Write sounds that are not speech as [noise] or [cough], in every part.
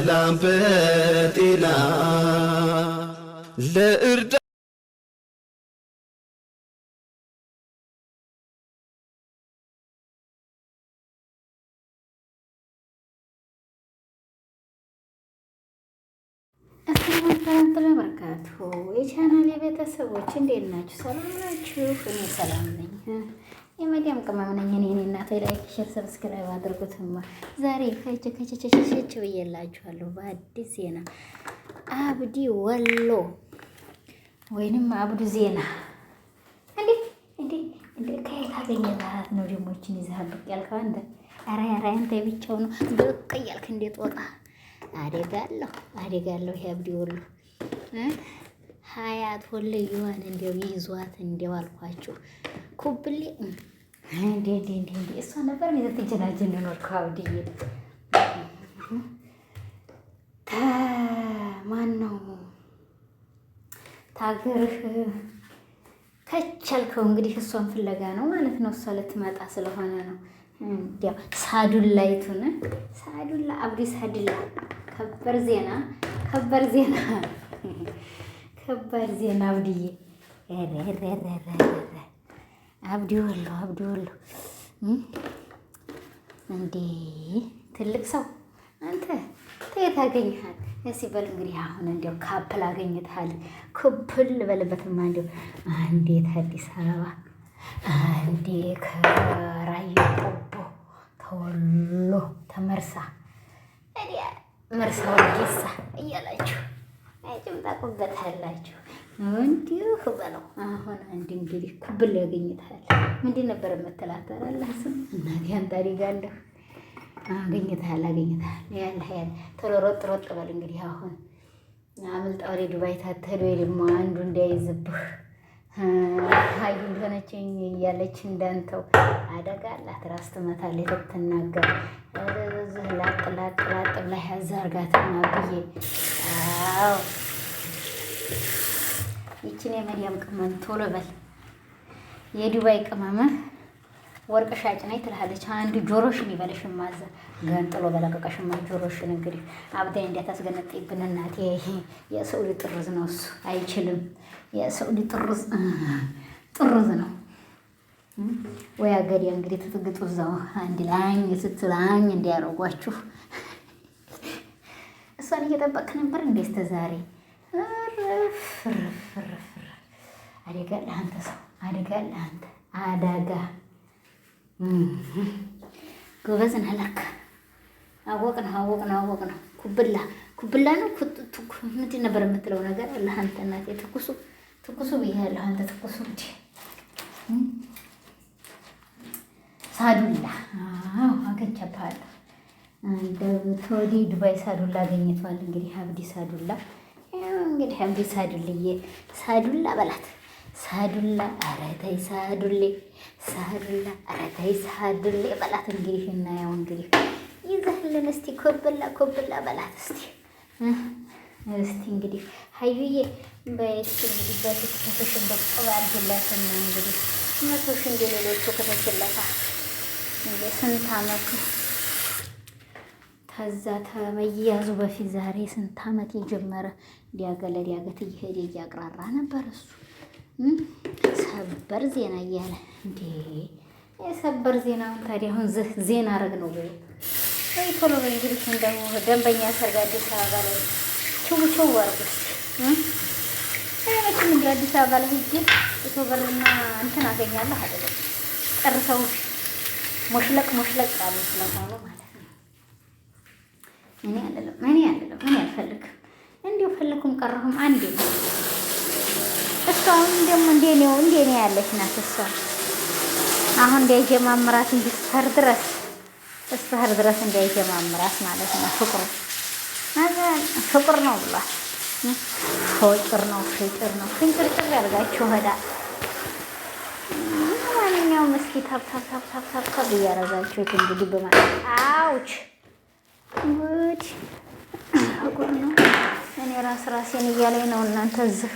በሰላም በጤና ለእርዳ ሰላም በረካቱ የቻናል የቤተሰቦች እንዴት ናችሁ? ሰላም ናችሁ? እኔ ሰላም ነኝ። የመዲያም ቅመም ነኝ እኔ እኔ እናቴ ላይክ ሼር ሰብስክራይብ አድርጉትማ። ዛሬ ከች ከች ከች ብዬላችኋለሁ በአዲስ ዜና አብዲ ወሎ ወይንም አብዱ ዜና እንዴ እንዴ እንዴ ከየት አገኘታት ነው ደሞችን ይዘህ ብቅ ያልከው አንተ? ኧረ ኧረ አንተ ብቻው ነው ብቅ እያልክ እንዴት ወጣ? አደጋለሁ አደጋለሁ። ይሄ አብዲ ወሎ ሀያት ወለየዋን እንደው ይዟት እንደው አልኳችሁ ኩብሌ እንዴ እሷ ነበር የምትጀናጀን ነው ከአብድዬ ማን ነው ታገርህ ከቻልከው እንግዲህ እሷን ፍለጋ ነው ማለት ነው። እሷ ልትመጣ ስለሆነ ነው። እንዲያው ሳዱላ አብዲ ሳዱላ ከበር ዜና ከበር ዜና ከበር ዜና አብዲ ወሎ አብዲ ወሎ እንዴ ትልቅ ሰው አንተ ተየት አገኘሃል? ሲበል እንግዲህ አሁን እንዲያው ካፕል አገኘትሃል። ክፕል በልበትማ እንዲያው አንዴት አዲስ አበባ አንዴ ከራያ ቆቦ ተወሎ ተመርሳ መርሳ ወጌሳ እያላችሁ እንዲሁ በለው አሁን አንድ እንግዲህ ኩብል ያገኝታል። ምንድን ነበር የምትላተር አላስም እናቴ አንተ አገኝታል አገኝታል ያለ ያለ ቶሎ ሮጥ ሮጥ በል እንግዲህ አሁን አምልጣ ወደ ዱባይ ታተዶ ደግሞ አንዱ እንዳይዝብህ ሀይ እንደሆነችኝ እያለች እንዳንተው አደጋ አላት። ራስ ትመታለች ትትናገር እዚህ ላጥ ላጥ ላጥ ብላ ያዛርጋትና ብዬ አዎ ይችን የመዲያም ቅመም ቶሎ በል የዱባይ ቅመም ወርቅ ሻጭ ነኝ ትልሃለች። አንዱ ጆሮሽን ይበለሽ ማዘ ገንጥሎ በለቀቀሽማ ጆሮሽን እንግዲህ አብዳይ እንዲያታስገነጥይብን እናቴ። የሰዑዲ ጥርዝ ነው እሱ አይችልም። የሰዑዲ ጥርዝ [laughs] ጥርዝ ነው ወይ አገሬ እንግዲህ ትጥግጡ እዛው አንድ ላኝ ስትላኝ እንዲያደርጓችሁ [laughs] እሷን እየጠበቅክ ነበር እንዴ እስከ ዛሬ? አደጋ ለአንተ ሰው አደጋ ለአንተ አደጋ ጎበዝ ነህ ለካ አወቅ ነው አወቅ ነው አወቅ ነው ኩብላ ኩብላ ነው ምንድን ነበር የምትለው ነገር አለ እናቴ ትኩሱ ትኩሱ ብያለሁ አንተ ትኩሱ እንጂ ሳዱላ አገኘባለሁ እንደ ተወዲህ ዱባይ ሳዱላ አገኝቷል እንግዲህ አብዲ ሳዱላ እንግዲህ አንዱ ሳዱልዬ ሳዱላ በላት ሳዱላ አረታይ ሳዱሌ ሳዱላ አረታይ ሳዱሌ በላት። እንግዲህ እናየው እንግዲህ ይዘህልን እስቲ ኮብላ ኮብላ በላት እስቲ እስቲ እንግዲህ ሀዩዬ በስቲ እንግዲህ በፊት መቶሽን በቅባ አድርጊላትና እንግዲህ መቶሽ እንደሌሎቹ ከተችለታ እንደ ስንት አመቱ ከዛ ተመያዙ በፊት ዛሬ ስንት ዓመት የጀመረ ሊያገለ ሊያገት እየሄደ እያቅራራ ነበር። እሱ ሰበር ዜና እያለ እንዴ የሰበር ዜና ታዲያ አሁን ዜና አረግ ነው ወይ ቶሎ እንግዲህ እንደው ደንበኛ ሰርግ አዲስ አበባ ላይ ችው ችው አርጉስ አይመችም። እንደ አዲስ አበባ ላይ ሂጅ ኢቶበርና እንትን አገኛለሁ አይደለም ቀርሰው ሞሽለቅ ሞሽለቅ ጣሉ ስለሆኑ ማለት እኔ አይደለም እኔ አይደለም እኔ አልፈልግም። እንዲሁ ፈለኩም ቀረሁም አንዴ ነው። እሷም ደግሞ እንደኔው እንደኔ ያለች ናት። እሷ አሁን እንዳይጀማምራት እንጂ እስከር ድረስ እስከር ድረስ እንዳይጀማምራት ማለት ነው። ፍቅሩ ፍቅር ነው ብሏል። ፍቅር ነው ፍቅር ነው ፍንጭርጭር ያርጋችሁ ሄዳ ማንኛውም እስኪ ታብታብታብታብታብ እያረጋችሁት እንግዲህ በማለት አውች ጉድ አጉር ነው። እኔ ራስ ራሴን እያለኝ ነው። እናንተ እዚህ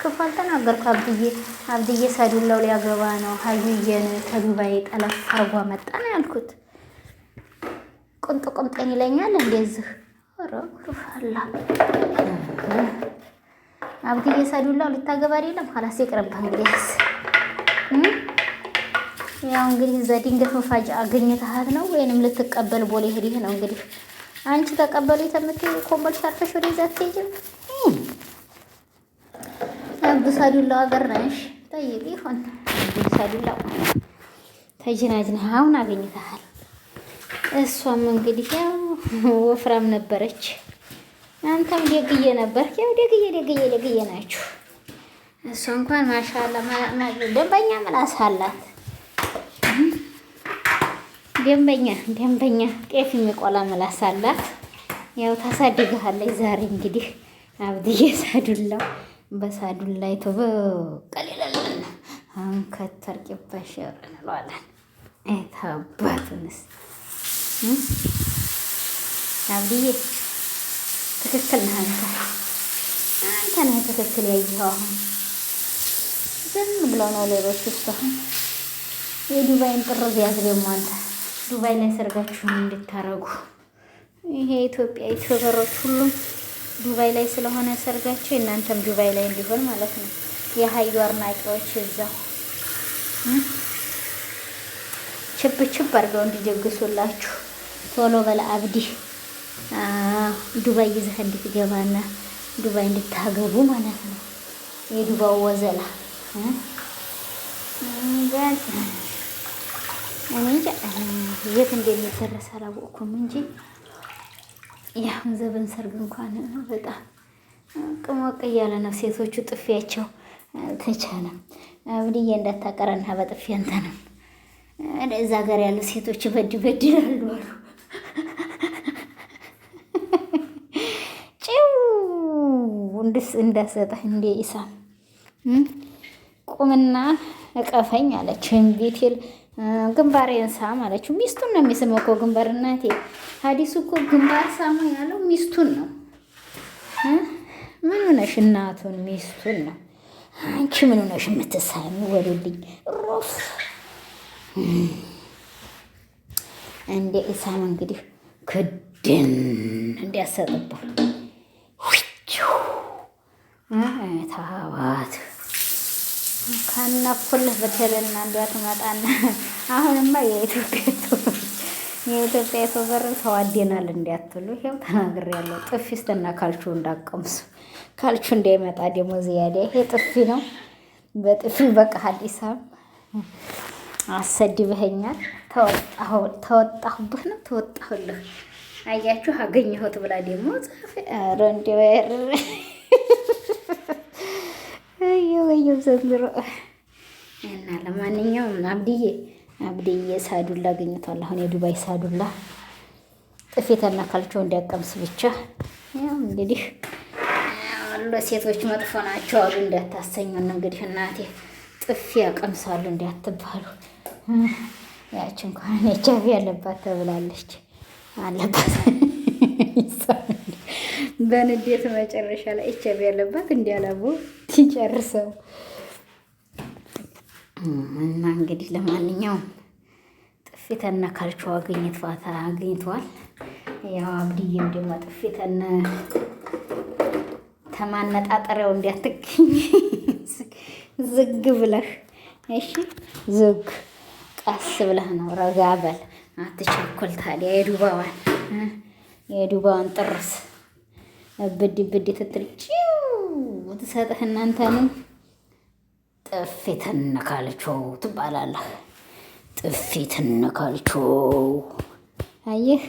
ክፉ አልተናገርኩ። አብዬ አብድዬ ሳዱላው ሊያገባ ነው ሀዩዬን ከዱባይ ጠለፍ አርጓ መጣ ነው ያልኩት። ቁምጥ ቁምጤን ይለኛል እንደዚህ ረሩፋላ አብድዬ ሳዱላው ልታገባ አይደለም። ኋላስ ይቅርብህ እንግዲህ ያው እንግዲህ እዛ ድንገት መፋጫ አገኘትሃት ነው ወይንም ልትቀበል ቦሌ ሄድህ ነው እንግዲህ አንቺ ተቀበሉ የምትይው ኮምቦልቻ አርፈሽ ወደ እዛ አትሄጂም። አብዱሳዱላ ሀገር ነሽ። ጠይቅ ይሆን አብዱሳዱላ ተጅናጅና አሁን አገኝተሃል። እሷም እንግዲህ ያው ወፍራም ነበረች፣ አንተም ደግዬ ነበር። ያው ደግዬ ደግዬ ደግዬ ናችሁ። እሷ እንኳን ማሻአላ ደንበኛ ምላስ አላት። ደንበኛ ደንበኛ ጤፍ የሚቆላ ምላስ አላት። ያው ታሳድግሃለች። ዛሬ እንግዲህ አብድዬ ሳዱላው በሳዱላ ይቶ በቀሌለለን አሁን ከተርቂባሽ እንለዋለን። ታባቱንስ አብድዬ ትክክል ነህ አንተ አንተ ነህ ትክክል ያየኸው። አሁን ዝም ብለው ነው ሌሎች ውስጥ አሁን የዱባይን ጥርዝ ያዝ ደግሞ አንተ ዱባይ ላይ ሰርጋችሁን እንድታረጉ ይሄ ኢትዮጵያ ዩቲዩበሮች ሁሉም ዱባይ ላይ ስለሆነ ሰርጋቸው እናንተም ዱባይ ላይ እንዲሆን ማለት ነው። የሀዩ አድናቂዎች እዛው ችብ ችብ አድርገው እንዲጀግሱላችሁ ቶሎ በላ አብዲ ዱባይ ይዘህ እንድትገባና ዱባይ እንድታገቡ ማለት ነው። የዱባው ወዘላ እኔ የት እንደሚደረስ አላወቅኩም እንጂ የአሁን ዘበን ሰርግ እንኳን በጣም ቅሞቅ እያለ ነው። ሴቶቹ ጥፊያቸው ተቻለ ብድዬ እንዳታቀረና በጥፊ አንተንም እዛ ሀገር ያሉ ሴቶች በድ በድላሉ አሉ። ጭው እንድስ እንዳሰጠህ እንደ ኢሳም ቁምና እቀፈኝ አለች ቤቴል ግንባር የንሳ ማለችው ሚስቱን ነው የሚስመው እኮ ግንባር። እናቴ ሀዲሱ እኮ ግንባር ሳሙ ያለው ሚስቱን ነው። ምን ሆነሽ? እናቱን ሚስቱን ነው። አንቺ ምን ሆነሽ የምትሳሚ? ወሉልኝ ሮፍ እንደ ኢሳም እንግዲህ ክድን እንዲያሰጥብህ ታዋት ከነኩልህ ብትልና እንዲያ ትመጣና አሁንማ የኢትዮጵያ የኢትዮጵያ በር ተዋዴናል እንዲያትሉ ይሄው ተናግር ያለው ጥፊ ስትና ካልቹ እንዳቀምሱ ካልቹ እንዳይመጣ ደግሞ ዝያዴ ይሄ ጥፊ ነው። በጥፊ በቃ አዲስ አበባ አሰድበኸኛል። ተወጣሁብህ ነው ተወጣሁልህ። አያችሁ አገኘሁት ብላ ደግሞ ጻፈ ረንዴ ወየው ዘንድሮ እና ለማንኛውም አብድዬ አብድዬ ሳዱላ አገኝቷል። አሁን የዱባይ ሳዱላ ጥፌትና ካልቸው እንዲያቀምስ ብቻ ያው እንግዲህ ሴቶች መጥፎ ናቸው አሉ እንዳታሰኙን። እንግዲህ እናቴ ጥፊ ያቀምሳሉ እንዳትባሉ። ያች እንኳን ኤች አይ ቪ ያለባት ተብላለች አለባት በንዴት መጨረሻ ላይ ኤችአይቪ ያለባት እንዲያለቡ ይጨርሰው እና እንግዲህ ለማንኛውም ጥፊተነ ካልቸው አገኘት ፋታ አግኝተዋል። ያው አብድዬም ደግሞ ጥፊተነ ተማነጣጠሪያው እንዲያትገኝ [laughs] ዝግ ብለህ እሺ፣ ዝግ ቀስ ብለህ ነው ረጋበል በል አትቸኩል። ታዲያ የዱባዋን የዱባዋን ጥርስ ብድ ብድ ትትል ጭው ትሰጥህ እናንተንም ጥፊ ትነካልቸው ትባላለህ። ጥፊ ትነካልቸው አየህ፣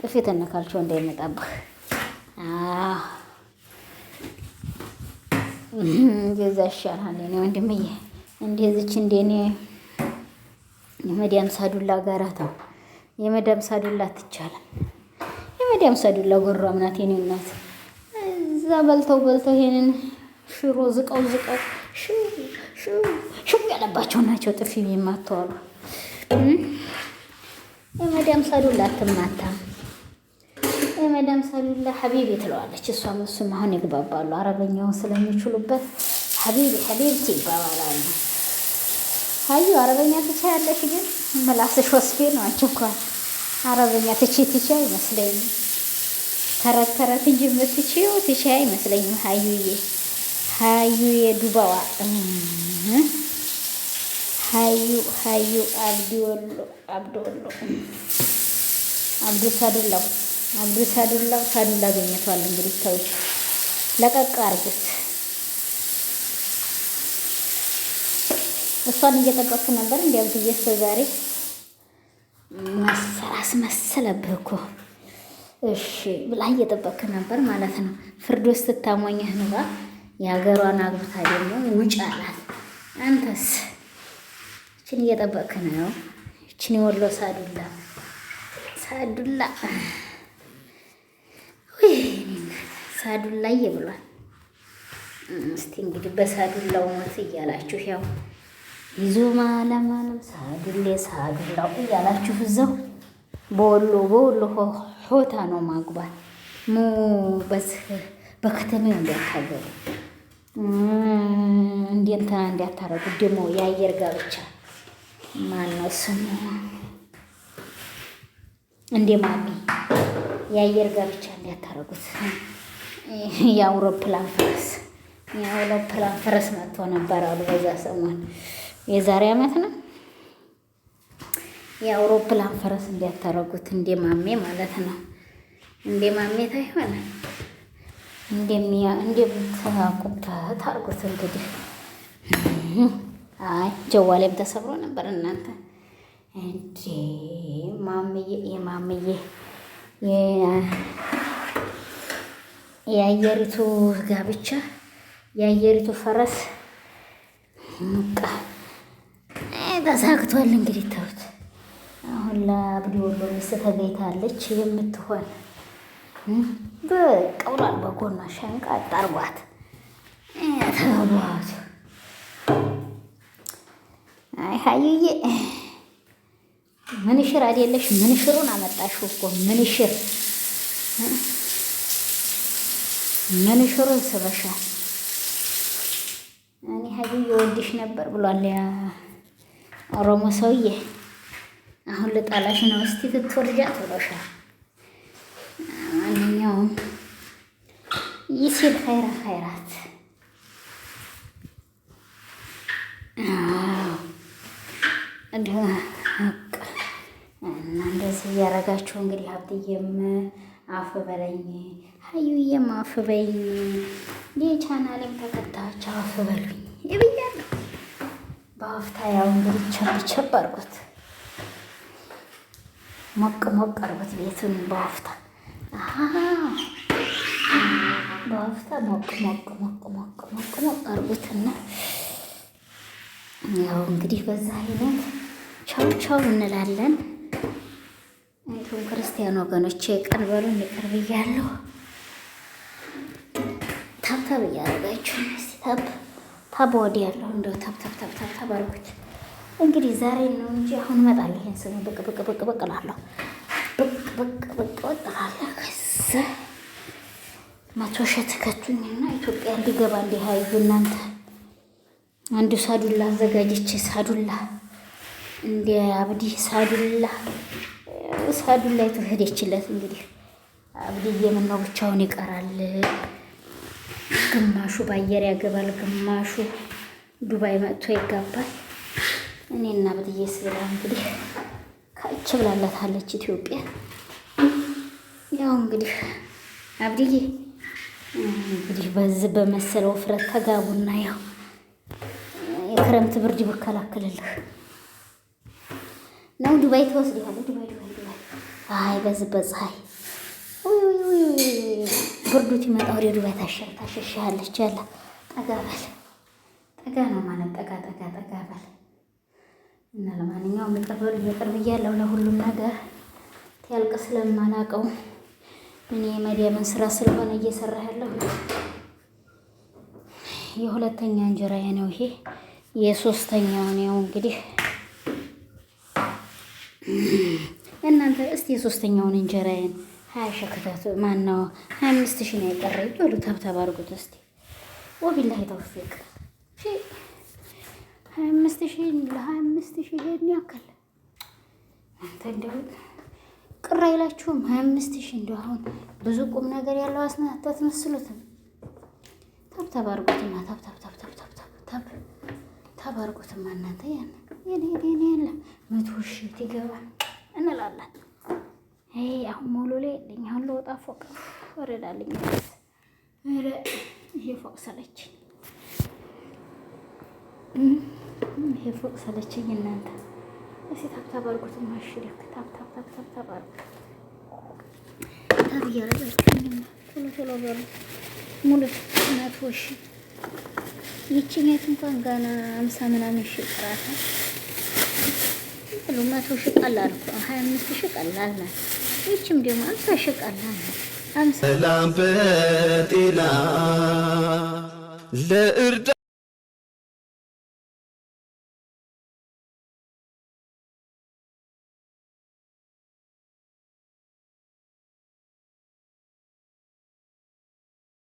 ጥፊ ትነካልቸው እንዳይመጣብህ እንደዛ ይሻልሃል የእኔ ወንድምዬ። እንደዚች እንደኔ የመዳም ሳዱላ ጋራ ተው፣ የመዳም ሳዱላ አትቻልም። መዳም ሰዱላ ጎሮ ምናት የኔ እናት እዛ በልተው በልተው ይሄንን ሽሮ ዝቀው ዝቀው ሽው ያለባቸው ናቸው። ጥፊ የማተዋሉ የመዳም ሰዱላ አትማታ የመዳም ሰዱላ ሀቢቢ ትለዋለች። እሷም እሱም አሁን ይግባባሉ። አረበኛውን ስለሚችሉበት ሀቢቢ ሀቢብቲ ይባባላሉ። አዩ አረበኛ ትቻያለሽ፣ ግን ምላስሽ ወስፌ ነው አቸኳል አረበኛ ትቺ ትቺ አይመስለኝም። ተረት ተረት እንጂ የምትችይው ትቺ አይመስለኝም። ሀዩዬ ሀዩዬ ዱባዋ ሀዩ ሀዩ አብዲ ወሎ አብዶ ወሎ አብዱ ታዱላው አብዱ ታዱላው ታዱላ ገኘቷል። እንግዲህ ተው ለቀቅ አርግት። እሷን እየጠቀስኩ ነበር እንዲያው ብዬሽ ዛሬ አስመሰለብህ እኮ እሺ ብላ እየጠበቅክ ነበር ማለት ነው። ፍርዶስ ስታሞኝህ ንባ የሀገሯን አግብታ ደግሞ ውጭ አላት። አንተስ እችን እየጠበቅክ ነው። እችን የወሎ ሳዱላ ሳዱላ ሳዱላዬ ብሏል። እስቲ እንግዲህ በሳዱላው ሞት እያላችሁ ያው ይዞ ማለማለም ሳዱሌ ሳዱላው እያላችሁ እዛው በወሎ በወሎ ሆታ ነው ማግባት። ሙ በዚህ በከተሜ እንዲያታገሩ እንዲንትና እንዲያታረጉ ደግሞ የአየር ጋብቻ ማነው ስሙ እንዴ ማሚ የአየር ጋብቻ እንዲያታረጉት የአውሮፕላን ፈረስ የአውሮፕላን ፈረስ መጥቶ ነበር አሉ። በዛ ሰሞን የዛሬ ዓመት ነው የአውሮፕላን ፈረስ እንዲያታረጉት እንዴ ማሜ ማለት ነው። እንዴ ማሜ ታይሆነ እንደምታቁብታ ታርጉት። እንግዲህ አይ ጀዋሌም ተሰብሮ ነበር። እናንተ እንዴ ማምዬ የማምዬ የአየሪቱ ጋብቻ የአየሪቱ ፈረስ ሙቃ ተሳክቷል። እንግዲህ ተውት። አሁን ለአብዲ ወሎ ሚስት ተገኝታለች የምትሆን በቀውላል በጎና ሸንቃ አጣርጓት ተባቱ። አይ ሀዩዬ ምንሽር አይደለሽ? ምንሽሩን አመጣሽው እኮ ምንሽር ምንሽሩን ስበሻል። እኔ ሀዩዬ ወድሽ ነበር ብሏል ኦሮሞ ሰውዬ። አሁን ልጣላሽ ነው። እስቲ ትትወርጃት ብሎሻል። ማንኛውም ይሲል ኸይራ ኸይራት እና እንደዚህ እያረጋችሁ እንግዲህ ሀብትዬም አፍ በለኝ፣ ሀዩዬም አፍ በይኝ፣ የቻናሌም ተከታዮች አፍ በሉኝ ይብያለሁ። በአፍታ ያው እንግዲህ ቸብ ቸብ አድርጎት ሞቅ ሞቅ አርጉት ቤቱን በወፍታ በወፍታ ሞቅ ሞቅ ሞቅ ሞቅ ሞቅ ሞቅ አርጉትና ያው እንግዲህ በዛ አይነት ቻው ቻው እንላለን። እንዲሁም ክርስቲያን ወገኖች ቀን በሉን ይቅርብ እያለሁ ታብታብ እያደረጋችሁ ታብ ታብ ወዲ ያለሁ እንደ ታብ ታብ ታብ አርጉት። እንግዲህ ዛሬ ነው እንጂ አሁን እመጣለሁ። ይሄን ስሙ ብቅ ብቅ ብቅ ብቅ እላለሁ። ብቅ ብቅ ብቅ ብቅ እላለሁ። ከዚያ መቶ ሸት ከቱኝና ኢትዮጵያ እንዲገባ እንዲያዩ እናንተ አንዱ ሳዱላ አዘጋጀች። ሳዱላ እንደ አብዲ ሳዱላ ሳዱላ የተሄደችለት እንግዲህ አብዲዬ ምነው ብቻውን ይቀራል? ግማሹ በአየር ያገባል፣ ግማሹ ዱባይ መጥቶ ይጋባል። እኔ እና ብትዬ ስላ እንግዲህ ካች ብላለታለች ኢትዮጵያ። ያው እንግዲህ አብድዬ እንግዲህ በዚህ በመሰለ ውፍረት ተጋቡና ያው የክረምት ብርድ ይበከላከልልህ ነው። ዱባይ ተወስደሃል። ዱባይ ዱባይ ዱባይ። አይ በዚህ በፀሐይ ብርዱ ይመጣ ወደ ዱባይ ታሸሻለች። ያለ ጠጋ በል ጠጋ ነው ማለት ጠጋ ጠጋ ጠጋ በል እና ለማንኛውም ይቅር ይቅር ብያለሁ ለሁሉም ነገር ያልቅ ስለማላውቀው እኔ የመዲያምን ስራ ስለሆነ እየሰራ ያለሁ የሁለተኛ እንጀራዬ ነው ይሄ የሶስተኛው ነው እንግዲህ እናንተ እስቲ የሶስተኛውን እንጀራዬን ሀያ ሸክታት ማነው ሀያ አምስት ሺህ ነው የቀረኝ በሉ ታብታብ አድርጉት እስቲ ወቢላ ተውፊቅ ሀያ አምስት ሺህ ለሀያ አምስት ሺህ ይሄን ያክል አንተ እንደው ቅር አይላችሁም? ሀያ አምስት ሺህ እንደው አሁን ብዙ ቁም ነገር ያለው አስናት አትመስሉትም። ታብታብ አድርጉትማ ታብታብታብታብታብታብ ታብ አድርጉትማ እናንተ ያን የኔ የለ መቶ ሺህ ትገባ እንላለን። ይሄ አሁን ሙሉ ላይ ለኛ ሁሉ ወጣ ፎቅ ወረዳልኝ ይሄ ፎቅ ሰለችኝ። ይሄ ፎቅ ሰለችኝ። እናንተ እስኪ ታብታብ አድርጉት። ማሽሪክ ታብታብ ታብታብ ታብ እያረጋችሁ ቶሎ ቶሎ በሉ መቶ ይችኛት እንኳን ገና አምሳ ምናምን ቀራታል። መቶ ቀላል እኮ ሀያ አምስት ቀላል ናት። ይችም ደግሞ አምሳ ቀላል ናት። ሰላም በጤና ለእርዳ